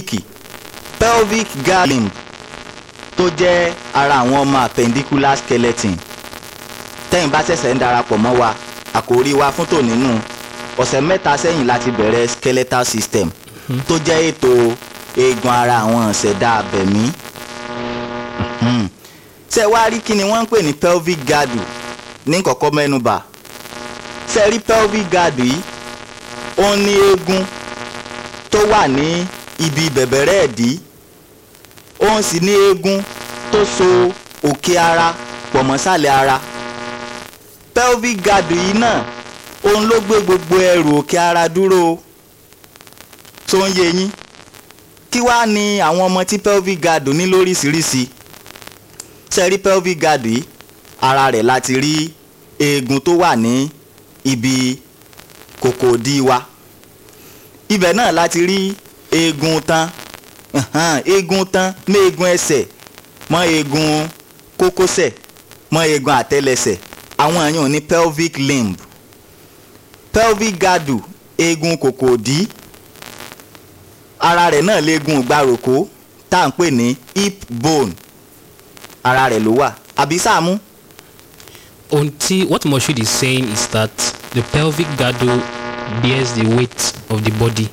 pelvic pelvic gallim tó jẹ́ ara àwọn ọmọ appendicular skeleton tẹ́yìn bá ṣẹ̀ṣẹ̀ ń darapọ̀ mọ́ wa àkòrí wa fún tònínú ọ̀sẹ̀ mẹ́ta sẹ́yìn láti bẹ̀rẹ̀ skeletal system mhm. tó jẹ́ ètò eegun ara àwọn ìṣẹ̀dá abẹ̀mí hmm. ṣe wá rí kí ni wọ́n ń pè ní pelvic girdle ní kọ̀kọ́ mẹ́nubà ṣe rí pelvic girdle yìí ó ní eegun tó wà ní ibi bẹ̀bẹ̀rẹ́ ìdí òun sì ni eegun tó so òkè ara pọ̀ mọ́sàlẹ̀ ara pelvic guard yìí náà òun ló gbé gbogbo ẹrù òkè ara dúró tó ń yé yín kí wàá ní àwọn ọmọ tí pelvic guard ní lóríṣiríṣi ṣẹ́rí pelvic guard yìí ara rẹ̀ láti rí eegun tó wà ní ibi kòkòdí wa ibẹ̀ náà láti rí eegun tán eegun tán mọ eegun ẹsẹ̀ mọ eegun kókósẹ̀ mọ eegun àtẹlẹsẹ̀ àwọn àyàn ní pelvic limb pelvic girdle eegun kòkòdí ara rẹ̀ náà leegun ìgbàròkó tá à ń pè ní hip bone ara rẹ̀ ló wà àbí sáàmú. until what Moshood is saying is that the pelvic girdle bears the weight of the body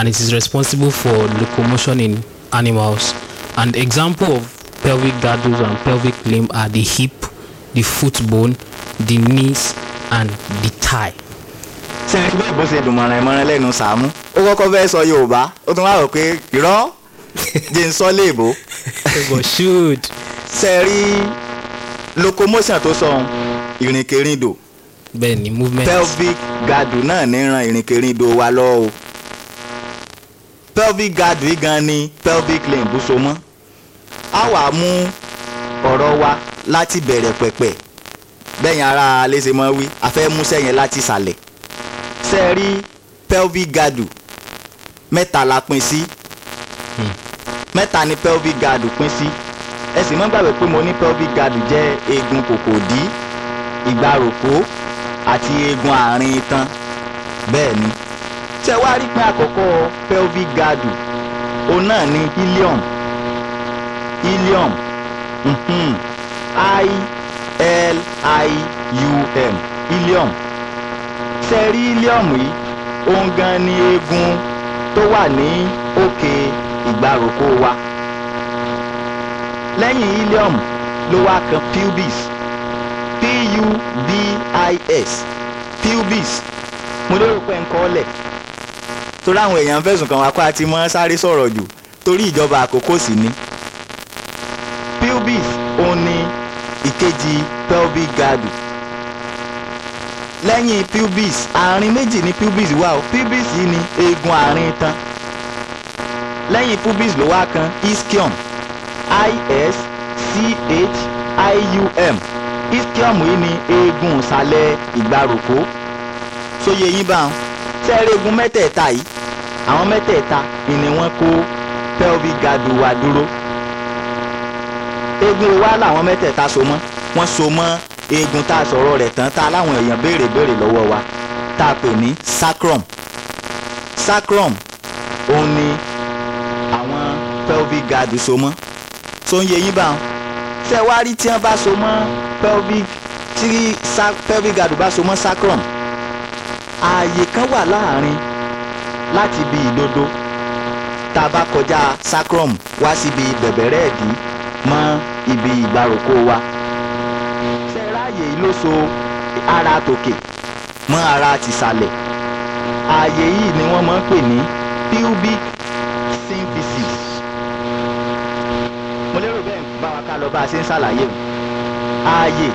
and it is responsible for locomotion in animals. An example of pelvic girdles and pelvic limb are the hip, the foot bone, the knees, and the thigh. ṣé ẹni bẹ́ẹ̀ bó ṣe dùn mọ̀ràn-ìmọ̀ràn lẹ́nu Sàámú ó kọ́kọ́ fẹ́ sọ Yorùbá ó tún wá rò pé irọ́ jẹ́ ń sọ léèbó. ṣe rí locomotion tó sọ ìrìnkèrindò pelvic girdle náà ní ran ìrìnkèrindò wa lọ́wọ́ pelvic gantry gan ni pelvic lymph so mọ́ a wá mú ọ̀rọ̀ wa láti bẹ̀rẹ̀ pẹ̀pẹ̀ bẹ́yìn ara léṣe mọ́ wí a fẹ́ mú sẹ́yìn láti sàlẹ̀ ṣe rí pelvic gadu mẹ́ta la pín sí hmm. mẹ́ta ni pelvic gadu pín sí ẹ sì mọ́ gbàgbé pé mo ní pelvic gadu jẹ́ eegun kòkòdí ìgbàròkó àti eegun àárín itan bẹ́ẹ̀ ni ṣe wá rí pé àkọ́kọ́ pelvic gadu òun náà ni helium helium hmm i l i u m helium ṣe rí helium yìí òun gan ni eegun tó wà ní òkè ìgbàrókò wa lẹ́yìn helium ló wá kan pubis p u b i s pubis mo lérò pé ń kọ́ torí àwọn èèyàn fẹ̀sùn kàn wá pé a ti mọ́ sáré sọ̀rọ̀ jù torí ìjọba àkókò sì ni. pelvis òun ni ìkejì pelvic girdle lẹ́yìn pelvis àárín méjì ni pelvis wà o pelvis yìí ni eegun àárín itan lẹ́yìn pelvis ló wá kan ischium i-s-c-h-i-u-m ischium yìí ni eegun ìsàlẹ̀ ìgbàròkó sóye yín báwọn sẹ́ẹ̀rẹ́gun mẹ́tẹ̀ẹ̀ta yìí àwọn mẹ́tẹ̀ẹ̀ta ni wọ́n kó pelvic gadu wa dúró eegun wa làwọn mẹ́tẹ̀ẹ̀ta so mọ́ wọ́n so mọ́ eegun tá a sọ̀rọ̀ rẹ̀ tán tá a láwọn èèyàn béèrè béèrè lọ́wọ́ wa tá a pè ní sacrum sacrum òun ni àwọn pelvic gadu so mọ́ tó ń yẹ yín bá wọn ṣé wá rí tí wọ́n bá so mọ́ pelvic tí pelvic gadu bá so mọ́ sacrum ààyè kan wà láàrin láti ibi ìdodo tá a bá kọjá sacrum wá síbi bẹ̀bẹ̀rẹ̀ ẹ̀dí mọ́ ibi ìgbàròkó wa sẹ́ráàyè yìí ló so ara tòkè mọ́ ara tìsàlẹ̀ ààyè yìí ni wọ́n máa ń pè ní pubic symphysis mo lérò bẹ́ẹ̀ bá wa ká lọ bá a ṣe ń ṣàlàyé o ààyè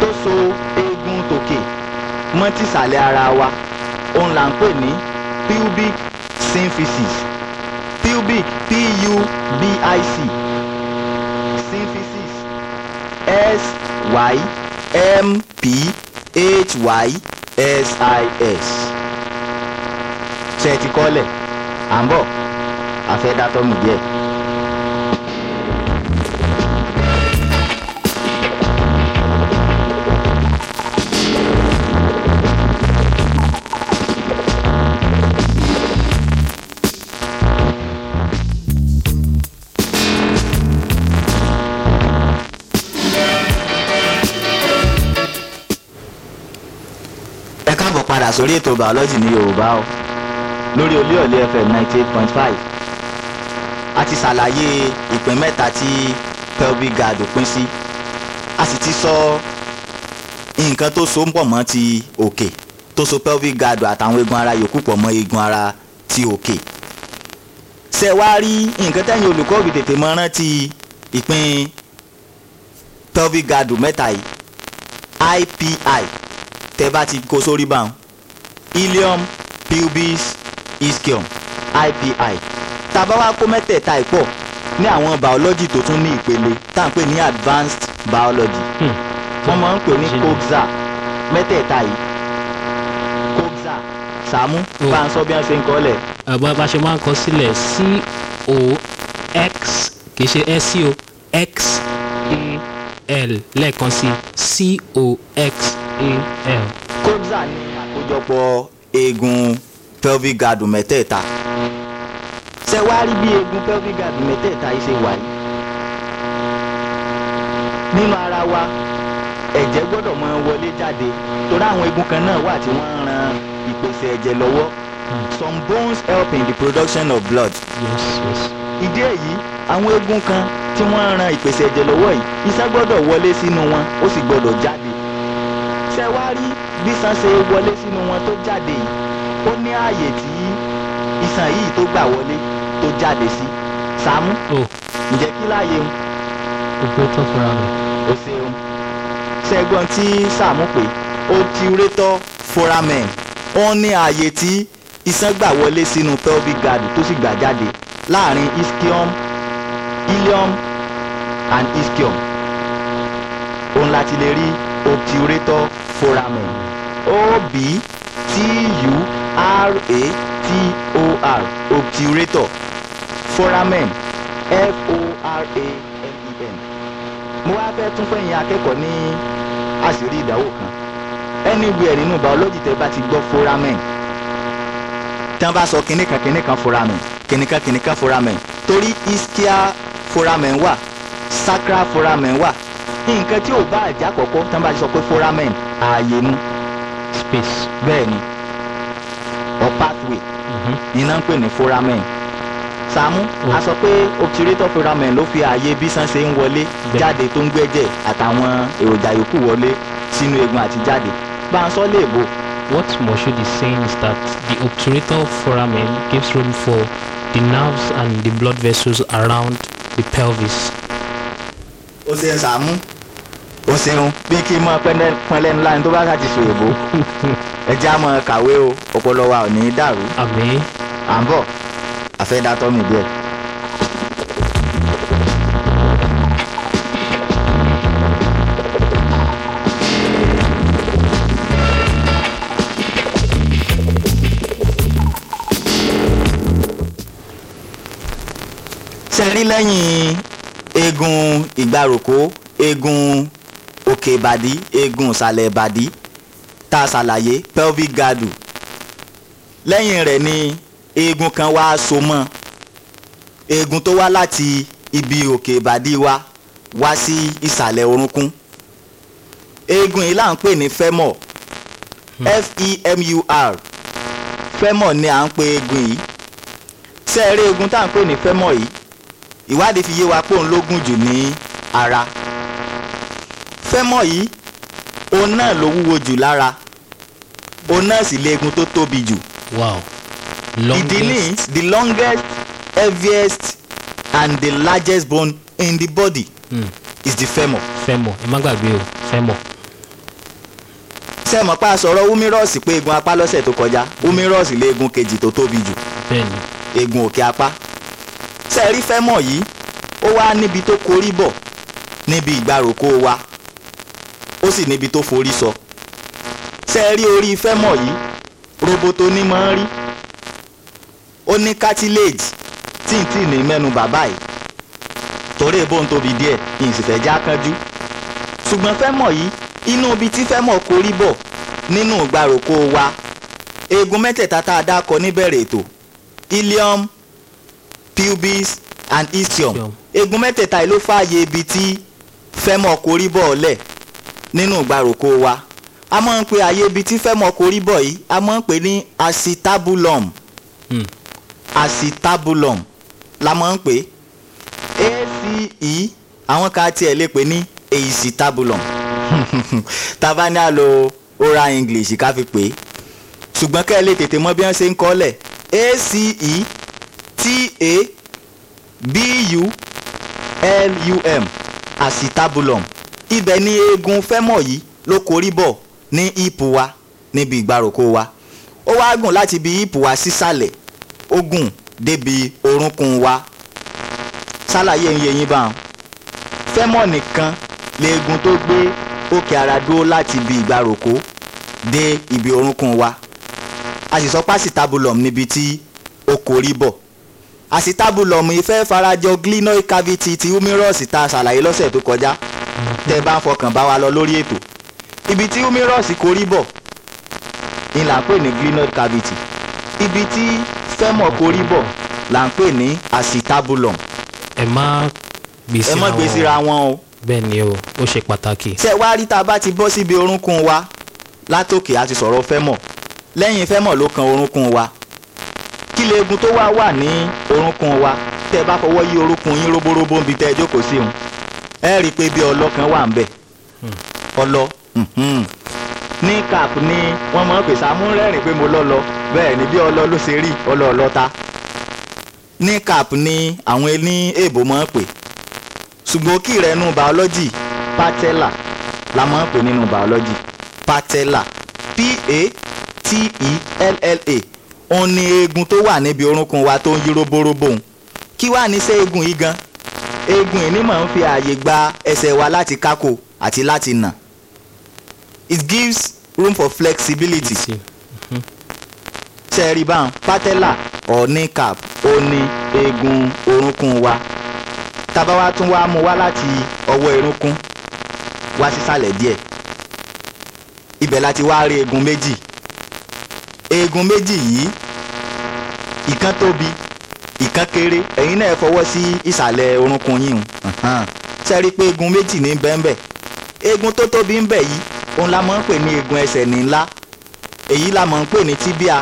tó so eegun tòkè mọ́ tìsàlẹ̀ ara wa òun là ń pè ní pubic symphysis pubic p-u-b-i-c symphysis s-y-m-p-h-y-s-i-s ṣe ti kọ́lẹ̀ à ń bọ̀ díẹ̀. padà sórí ètò bàọ́lọ́jì ní yorùbá o lórí olúyọ̀lé fm ninety eight point five a ti ṣàlàyé ìpín mẹ́ta tí pelvic guard pín sí a sì ti sọ nǹkan tó so ń pọ̀ mọ́ ti òkè tó so pelvic guard àtàwọn eegun ara yòókù pọ̀ mọ́ eegun ara ti òkè ṣe wá rí nǹkan tẹ̀yìn olùkọ́ òbí tètè mọ́ rántí ìpín pelvic guard mẹ́ta yìí ipi tẹ bá ti kó sórí báwọn ilium pubis ischium ipi tá a bá wá kó mẹ́tẹ̀ẹ̀ta ìpọ̀ ní àwọn biology tó tún ní ìpele tá à ń pè ní advanced biology hmm. wọ́n máa ń pè ní coxa mẹ́tẹ̀ẹ̀ta yìí coxa sàmú oh. bá ń sọ bí wọ́n ṣe ń kọ́ lẹ̀. àbọ̀ bá ṣe máa ń kọ sílẹ̀ c o x kì í ṣe s o x a l lẹ́ẹ̀kan sí c o x a l. coxa ni àkójọpọ̀ eegun pelvic gadu mẹ́tẹ̀ẹ̀ta ṣe wá rí bí eegun pelvic gadu mẹ́tẹ̀ẹ̀ta yìí ṣe wà yìí nínú ara wa ẹ̀jẹ̀ gbọ́dọ̀ máa wọlé jáde torí àwọn eegun kan náà wà tí wọ́n ran ìpèsè ẹ̀jẹ̀ lọ́wọ́ some bones help in the production of blood. Yes, yes. ìdí èyí àwọn eegun kan tí wọ́n ń ran ìpèsè ẹ̀jẹ̀ lọ́wọ́ yìí iṣẹ́ gbọ́dọ̀ wọlé sínú wọn ó sì gbọ́dọ̀ jáde. ṣe wá rí bí sàn ṣe wọlé sínú wọn tó jáde yìí ó ní ààyè tí ìsàn yìí tó gbà wọlé tó jáde sí Sàámú ǹjẹ́ kí láàyè ń. òpétọ́ fúnra rẹ̀. o ṣeun ṣẹ́gbọ́n tí Sàámú pé òtúrétọ́ fúnra mẹ́ ó ní ààyè tí ìsàn gbà wọlé sínú pelvic guard tó sì gbà jáde láàrin ischium ilium and ischium òun láti lè rí obturator foramen obturator obturator foramen foramen mo wá fẹ́ tún fẹ̀yìn akẹ́kọ̀ọ́ ní àṣírí ìdánwò kan anywhere nínú biology tẹ́ bá ti gbọ́ foramen tán bá sọ kinní kan kinní kan foramen kinní kan kinní kan foramen torí ischia foramen wà sacral foramen wà nǹkan tí ò bá àjà kọ̀kọ́ tán bá sọ pé foramen ààyè nu space. bẹ́ẹ̀ni or pathway mhm. ni ń pè ní foramen Sàámú a mhm. sọ pé obturator foramen ló fi ààyè bí sàn ṣe ń wọlé jáde tó ń gbẹ́jẹ̀ àtàwọn èròjà yòókù wọlé sínú eegun àti jáde bá a sọ léèbó. What Moshood is saying is that the obturator foramen gives room for the nerves and the blood vessels around the pelvis. ó ṣe Sàámú o ṣeun bí kí n mọ pọnlẹ ńlá ni tó bá ṣàti ṣe èbó ẹ já mọ kàwé o ọpọlọ wa ò ní í dàrú. àmín. à ń bọ̀ àfẹ́dá tọ́mì díẹ̀. ṣe rí lẹ́yìn eegun ìgbàròkó eegun òkè ìbàdí eegun ìsàlẹ̀ ìbàdí tá a ṣàlàyé pelvic girdle lẹ́yìn rẹ̀ ni eegun kan wá so mọ́ eegun tó wá láti ibi òkè ìbàdí wa wá sí ìsàlẹ̀ orúnkún eegun yìí là ń pè ní femur hmm. f e femur ni à ń pè eegun yìí sẹ́ẹ̀rí eegun tá à ń pè ní femur yìí ìwádìí fi yé wa pé òun ló gùn jù ní ara fẹ́ mọ̀ yìí òun náà ló wúwo jù lára òun náà sì léegun tó tóbi jù. wow longest ìdí ni the longest heaviest and the largest bone in the body mm. is the femur. femur ẹ má gbàgbé o femur. sẹ́mọ̀ pa sọ̀rọ̀ humerus pé eegun apá lọ́sẹ̀ tó kọjá humerus hmm. léegun kejì tó tóbi jù. bẹ́ẹ̀ni. òkè apá. sẹ́ẹ̀rí femur yìí ó wà níbi tó korí bọ̀ níbi ìgbàròkó wa ó sì níbi tó forí sọ ṣe rí orí fẹ́mọ̀ yìí roboto ní máa ń rí ó ní cartilage tí n tì ní mẹ́nu bàbá yìí torí ebó ń tóbi díẹ̀ kí n sì fẹ́ já kánjú ṣùgbọ́n fẹ́mọ̀ yìí inú ibi tí fẹ́mọ̀ korí bọ̀ nínú ìgbàròkó wa eegun mẹ́tẹ̀ẹ̀ta tá a dákọ níbẹ̀rẹ̀ ètò ilium pubis and ischium eegun mẹ́tẹ̀ẹ̀ta yìí ló fààyè ibi tí fẹ́mọ̀ korí bọ̀ lẹ̀ nínú ìgbàròkọ wa a máa ń pe àyè ibi tí fẹ́ mọ korí bọ̀ yìí a máa ń pè ní acetabulum hmm. acetabulum la máa ń pè ace àwọn kan tiẹ̀ lè pè ní acetabulum tàbá ní àlò oral english ká fi pè é ṣùgbọ́n kẹ́ ẹ lè tètè mọ bí wọ́n ṣe ń kọ́lẹ̀ acetabulum acetabulum ibẹ̀ ni eegun fẹ́mọ̀ yìí ló korí bọ̀ ní ìpò wa níbi ìgbàròkó wa ó wá gùn láti ibi ìpò wa sísàlẹ̀ ó gùn débi orúnkún wa ṣàlàyé ń yé yín bá wọn fẹ́mọ̀ nìkan leegun tó gbé òkè ara dúró láti ibi ìgbàròkó dé ibi orúnkún wa a sì sọ pásítàbùlọ̀m níbi tí ó korí bọ̀ àsìtàbùlọ̀mù ìfẹ́ farajọ glenoid cavity ti humerus tá ṣàlàyé lọ́sẹ̀ tó kọjá tẹ́ bá ń fọkàn bá wa lọ lórí ètò ibi tí humerus korí bọ̀ ni là ń pè ní glenoid cavity ibi tí femur korí bọ̀ là ń pè ní acetabulum. ẹ má gbèsè ẹ má gbèsè ra o. bẹ́ẹ̀ ni o ó ṣe pàtàkì. ṣé wàá rí tá a bá ti bọ́ síbi orúnkún wa látòkè a ti sọ̀rọ̀ femur lẹ́yìn femur ló kan orúnkún wa kí leegun tó wá wà ní orúnkún wa tẹ́ ẹ bá fọwọ́ yí orúnkún yín róbóróbó ń bi tẹ́ ẹ sí òun ẹ rí i pé bí ọlọ́kan wà ń bẹ̀ hmm. ọlọ hmm. ní cap ni wọ́n mọ̀ pé sàmúrẹ́rìn pé mo lọ́lọ bẹ́ẹ̀ ni bí ọlọ ló ṣe rí ọlọ ọlọ́ta ní cap ni àwọn ní èèbò mọ̀ pé ṣùgbọ́n kí rẹ̀ nù biology patella la mọ̀ pé nínú biology patella p-a-t-e-l-l-a òun ni eegun tó wà níbi orúnkún wa tó ń yí roborobo òun kí wàá ní sẹ́ yìí gan-an eegun ìní máa ń fi ààyè gba ẹsẹ̀ wa láti kákò àti láti nà it gives room for flexibility ṣe patella or kneecap ó ní eegun orúnkún wa tábà wá tún wá mú wá láti ọwọ́ irúnkún wá sísàlẹ̀ díẹ̀ ibẹ̀ láti wá rí eegun méjì eegun méjì yìí ìkan ìkan kéré ẹ̀yin náà fọwọ́ sí ìsàlẹ̀ orúnkún yín o ṣe rí i pé eegun méjì ní bẹ́ńbẹ́ eegun tó tóbi ń bẹ̀ yìí òun la máa ń pè ní eegun ẹsẹ̀ ní ńlá èyí la máa ń pè ní tíbíà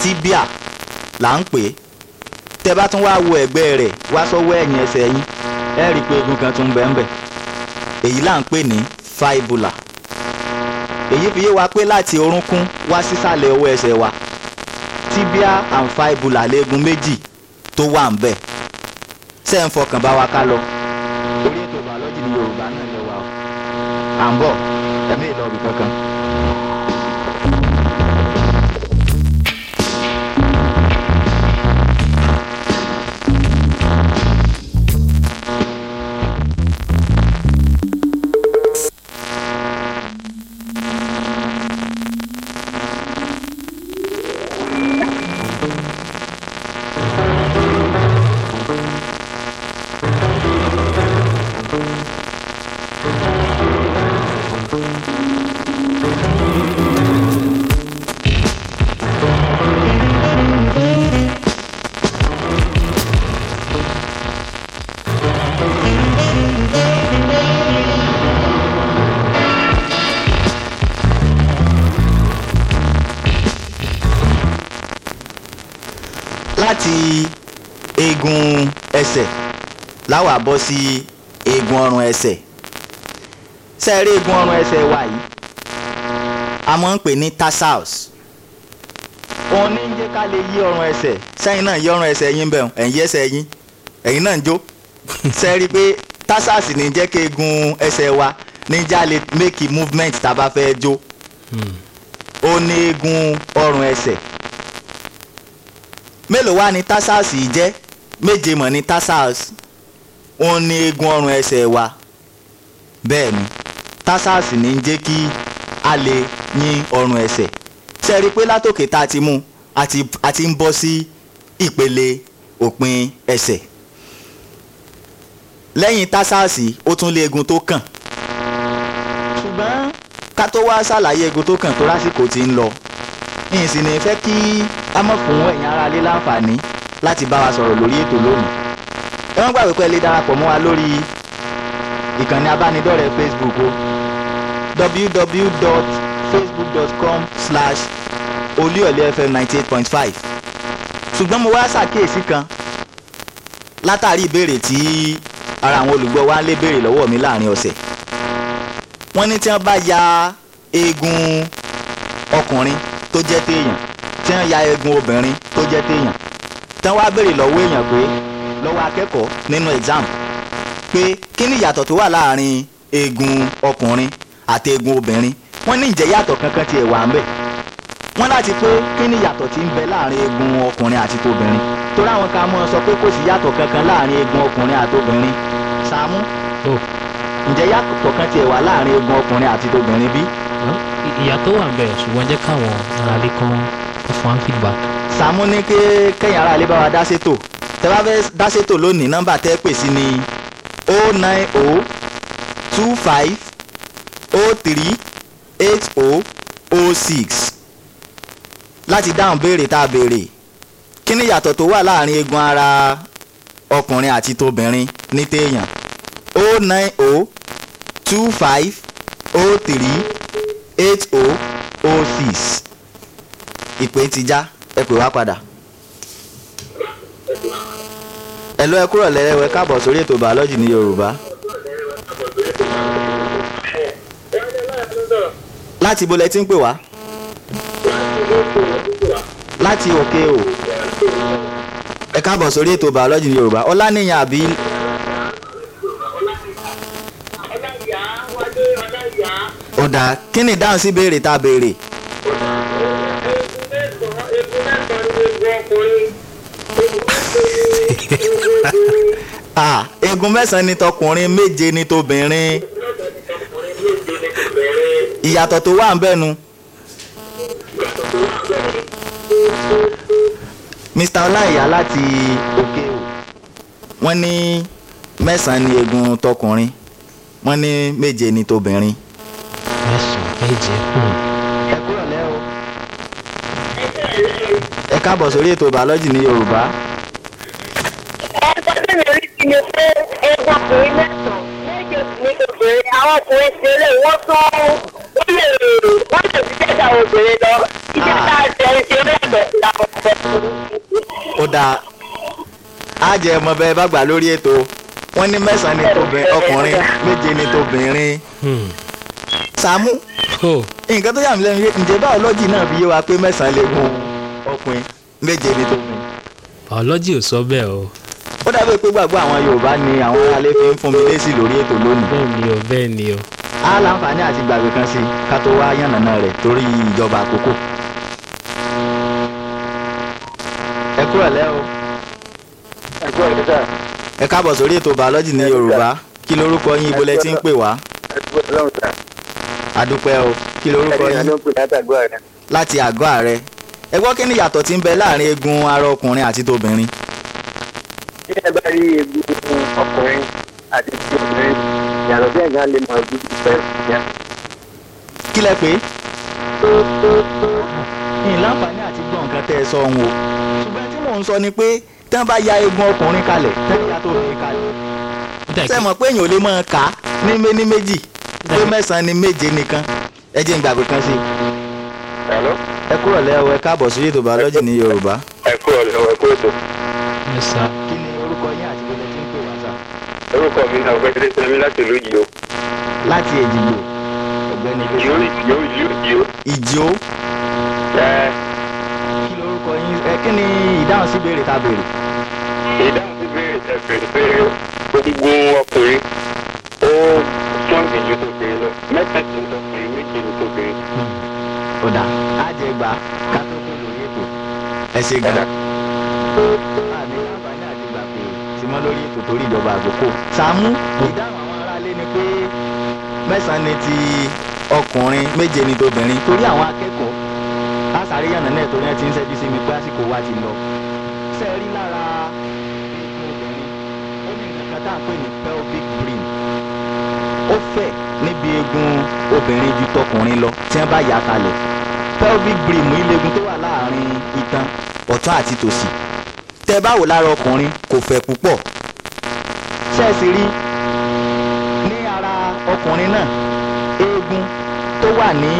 tíbíà là ń pè é tẹ bá tún wáá wo ẹ̀gbẹ́ rẹ̀ wá sọ́wọ́ ẹ̀yìn ẹsẹ̀ yín ẹ rí i pé eegun kan tún bẹ́ńbẹ́ èyí là ń pè ní fáìbùlà èyí fi yé wa pé láti orúnkún wá sísàlẹ̀ ọwọ́ ẹsẹ̀ wa tibia and fibula léegun méjì tó wà ń bẹ̀ ṣé ń fọkàn bá wa ká lọ orí ètò bàọ́lọ́jì ní yorùbá náà lè wà ó à ń bọ̀ ẹ̀mí ìlọrin kankan. eegun ẹsẹ̀ láwa bọ́ sí eegun ọrùn ẹsẹ̀ sẹ́ẹ̀rí eegun ọrùn ẹsẹ̀ wa yìí a máa ń pè ní tarsals òun ní jẹ́ ká lè yí ọrùn ẹsẹ̀ sẹ́yìn náà yí ọrùn ẹsẹ̀ yín bẹ̀rù ẹ̀yìn ẹsẹ̀ yín ẹ̀yìn náà ń jó sẹ́ẹ̀rí pé tarsals ní jẹ́ kí eegun ẹsẹ̀ wa níjà lè make movement tá a bá fẹ́ jó hmm. ó ní eegun ọrùn ẹsẹ̀ mélòó wá ní tarsals yìí jẹ́ méje mọ̀ ní tarsals òun ni eegun ọrùn ẹsẹ̀ wa bẹ́ẹ̀ ni tarsals ní ń jẹ́ kí a lè yín ọrùn ẹsẹ̀ ṣe rí i pé látòkè tá a ti mú a ti ń bọ́ sí ìpele òpin ẹsẹ̀ lẹ́yìn tarsals ó tún lé eegun tó kàn ṣùgbọ́n ká tó wá ṣàlàyé egun tó kàn tó lásìkò tí ń lọ ìsìn ní fẹ́ kí a mọ̀ fún ẹ̀yin aráalé láǹfààní láti bá wa sọ̀rọ̀ lórí ètò lónìí ẹ wọ́n gbàgbé pé ẹ lè darapọ̀ mọ́ wa lórí ìkànnì abánidọ́rẹ̀ẹ́ Facebook o www.facebook.com slash olúyọ̀lé fm ninety eight point five ṣùgbọ́n mo wá ṣàkíyèsí kan látàrí ìbéèrè tí ara àwọn olùgbọ́ wa lè béèrè lọ́wọ́ mi láàrin ọ̀sẹ̀ wọ́n ní tí wọ́n bá ya eegun ọkùnrin tó jẹ́ téèyàn tí wọ́n ya eegun obìnrin tó jẹ́ téèyàn tán wá béèrè lọ́wọ́ èèyàn pé lọ́wọ́ akẹ́kọ̀ọ́ nínú exam pé kí ni ìyàtọ̀ tó wà láàrin eegun ọkùnrin àti eegun obìnrin wọ́n ní ìjẹ́ yàtọ̀ kankan ti wà ń bẹ̀ wọ́n láti pé kí ni ìyàtọ̀ tí ń bẹ láàrin eegun ọkùnrin àti tobìnrin tó ráwọn ká mọ́ ọ sọ pé kò sí yàtọ̀ kankan láàrin eegun ọkùnrin àti obìnrin Sàámú ǹjẹ́ yàtọ̀ kan tiẹ̀ wà láàrin eegun ọkùnrin àti tobìnrin bí. ìyàtọ̀ wà ń bẹ̀ ṣùgbọ́n jẹ́ káwọn aráalé kan fún feedback. Sàámú ní ké kẹ́yìn ara ilé bá wa dá sétò tẹ́ bá fẹ́ dá sétò lónìí nọ́mbà tẹ́ pè sí ni o oh nine o oh two five o oh three eight o o six láti dáhùn béèrè tá a béèrè kí ni ìyàtọ̀ tó wà láàrin eegun ara ọkùnrin àti tóbìnrin ní téèyàn o nine o two five o three eight o o six ìpè ti já. ẹ pè wá padà. lọ ẹ kúrọ̀ lẹ́rẹ́wẹ́ káàbọ̀ sórí ètò bàọ́lọ́jì ní Yorùbá. láti ibo lẹ ti ń pè wá. láti òkè o. ẹ káàbọ̀ sórí ètò bàọ́lọ́jì ní Yorùbá ọlánìyàn àbí. ọ̀dà kí ni dáhùn sí béèrè ta Ah, egun mẹ́sàn-án ni tọkùnrin méje ni tobìnrin ìyàtọ̀ tó wà ń bẹ̀ nu. Mr. Ọláìyá láti òkè o wọ́n ní mẹ́sàn-án ni egun tọkùnrin wọ́n ní méje ni tobìnrin. mẹ́sàn-án méje kùn. Hmm. ẹ kúrò lẹ́ o. ẹ káàbọ̀ sórí ètò bàọ́lọ́jì ní Yorùbá ni pé ẹgbẹ́ ọkùnrin mẹ́sàn-án méje ní obìnrin àwọn ọkùnrin ti lè wọ́n tó wọ́n lè wọ́n lè fi jẹ́jà obìnrin lọ iṣẹ́ tá a jẹ ṣe lẹ́gbẹ̀ẹ́ làwọn ọ̀fẹ́ tó ń bí. ó dáa á jẹ ọmọ bẹ́ẹ̀ bá gbà lórí ètò wọ́n ní mẹ́sàn-án ní tobìnrin ọkùnrin méje ní tobìnrin hmm. Sàámú nǹkan tó yà mí lẹ́nu ǹjẹ́ báwọlọ́jì náà fi yé wa pé mẹ́sàn-án lè gun ọkùnrin méje ní tobìnrin. báwọlọ́jì ò sọ bẹ́ẹ̀ o ó dàbí pé gbàgbọ́ àwọn Yorùbá ni àwọn alẹ́ fi ń fún mi lésì lórí ètò lónìí. bẹ́ẹ̀ ni o bẹ́ẹ̀ ni o. a láǹfààní àti gbàgbé kan sí ká tó wá yànnàná rẹ̀ torí ìjọba àkókò. ẹ kúrò lẹ́ o. ẹ kúrò lẹ́ sà. ẹ káàbọ̀ sórí ètò bàọ́lọ́jì ní Yorùbá kí lorúkọ yín ibo lẹ ti ń pè wá. adúpẹ́ o kí lorúkọ yín. láti àgọ́ ààrẹ ẹ gbọ́ kí ni ìyàtọ̀ ti ń bẹ láàrin eegun ara ọkùnrin àti tobìnrin tí ẹ bá rí egungun ọkùnrin àti ti obìnrin yàtọ̀ sí ẹ̀gán lè máa gbé ìfẹ́ ìyá. kí lẹ pé. ìlànfààní àti gbọ́n nǹkan tẹ́ ẹ sọ ohun o ṣùgbọ́n tí mò ń sọ ni pé tí wọ́n bá ya egun ọkùnrin kalẹ̀ tẹ́lẹ̀ yàtọ̀ obìnrin kalẹ̀. ṣé mọ̀ pé èèyàn ò lè máa kà á ní mé ní méjì pé mẹ́sàn-án ni méje nìkan ẹ jẹ́ ìgbàgbé kan sí ẹ kúrò lẹ́wọ̀ ẹ káàbọ̀ sí ètò bàọ́lọ́jì ní yorùbá. ẹ kúrò lẹ́wọ̀ ẹ kúrò tó orúkọ yín àti gbogbo tí ń pè wá sà. orúkọ mi ni àwọn ẹgbẹ́ sinmi láti ìlú ìjìó. láti èjìgbò. ọ̀gbẹ́ni ìjìó ìjìó ìjìó ìjìó. ìjìó. ẹ. kí lorúkọ yín ẹ kí ni ìdáhùn sí ìbéèrè ta béèrè. ìdáhùn sí ìbéèrè ta béèrè pé gbogbo ọkùnrin ó sọ́ọ̀dì ju tó béèrè lọ mẹ́ta ti ń tọ́kùnrin méjì ní tó béèrè. Hmm. ọ̀dà á jẹ gbà ká tó kó lórí ètò ẹ ṣe gbà sí mọ́ lórí ètò torí ìjọba àkókò Sàámú ìdáhùn àwọn aráalé ni pé mẹ́sàn-án ni ti ọkùnrin méje ni tóbìnrin torí àwọn akẹ́kọ̀ọ́ àṣàrí yànnà náà torí ẹ ti ń ṣẹ́jú sí mi pé àsìkò wa ti lọ sẹ́ẹ̀rí lára obìnrin ó ní nǹkan tá à ń pè ní pelvic rim ó fẹ̀ níbi eegun obìnrin ju tọkùnrin lọ tí wọ́n bá yà kalẹ̀ pelvic rim ilegun tó wà láàrin itan ọ̀tún àti tòsì tẹ bá wò lára ọkùnrin kò fẹ̀ púpọ̀ ṣe é sì rí ní ara ọkùnrin náà eegun tó wà ní